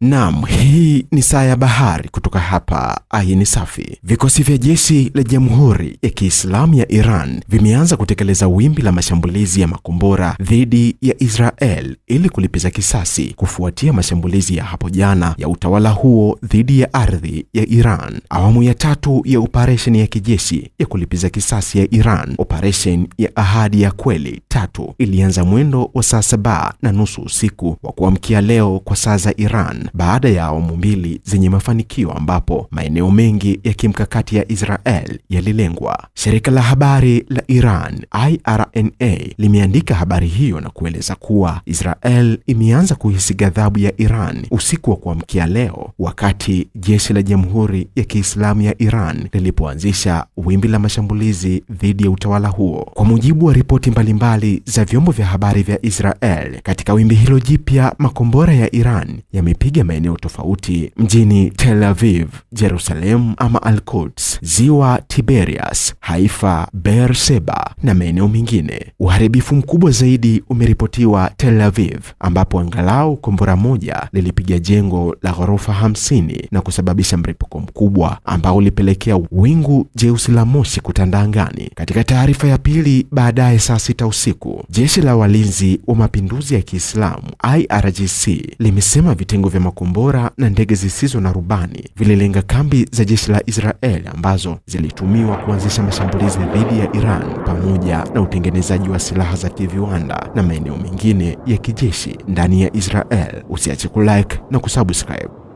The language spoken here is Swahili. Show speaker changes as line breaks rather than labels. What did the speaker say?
Naam, hii ni Saa ya Bahari kutoka hapa Ayin Safi. Vikosi vya jeshi la Jamhuri ya Kiislamu ya Iran vimeanza kutekeleza wimbi la mashambulizi ya makombora dhidi ya Israel ili kulipiza kisasi kufuatia mashambulizi ya hapo jana ya utawala huo dhidi ya ardhi ya Iran. Awamu ya tatu ya operesheni ya kijeshi ya kulipiza kisasi ya Iran, operesheni ya Ahadi ya Kweli tatu, ilianza mwendo wa saa saba na nusu usiku wa kuamkia leo kwa saa za Iran baada ya awamu mbili zenye mafanikio ambapo maeneo mengi ya kimkakati ya Israel yalilengwa. Shirika la habari la Iran IRNA limeandika habari hiyo na kueleza kuwa Israel imeanza kuhisi ghadhabu ya Iran usiku wa kuamkia leo, wakati jeshi la Jamhuri ya Kiislamu ya Iran lilipoanzisha wimbi la mashambulizi dhidi ya utawala huo. Kwa mujibu wa ripoti mbalimbali za vyombo vya habari vya Israel, katika wimbi hilo jipya makombora ya Iran yamepiga ya maeneo tofauti mjini Tel Aviv, Jerusalem ama Al-Quds, ziwa Tiberias, Haifa, Beersheba na maeneo mengine. Uharibifu mkubwa zaidi umeripotiwa Tel Aviv, ambapo angalau kombora moja lilipiga jengo la ghorofa hamsini na kusababisha mripuko mkubwa ambao ulipelekea wingu jeusi la moshi kutanda angani. Katika taarifa ya pili baadaye saa sita usiku, jeshi la walinzi wa mapinduzi ya Kiislamu IRGC limesema vitengo vya makombora na ndege zisizo na rubani vililenga kambi za jeshi la Israel ambazo zilitumiwa kuanzisha mashambulizi dhidi ya Iran pamoja na utengenezaji wa silaha za kiviwanda na maeneo mengine ya kijeshi ndani ya Israel. Usiache kulike na kusubscribe.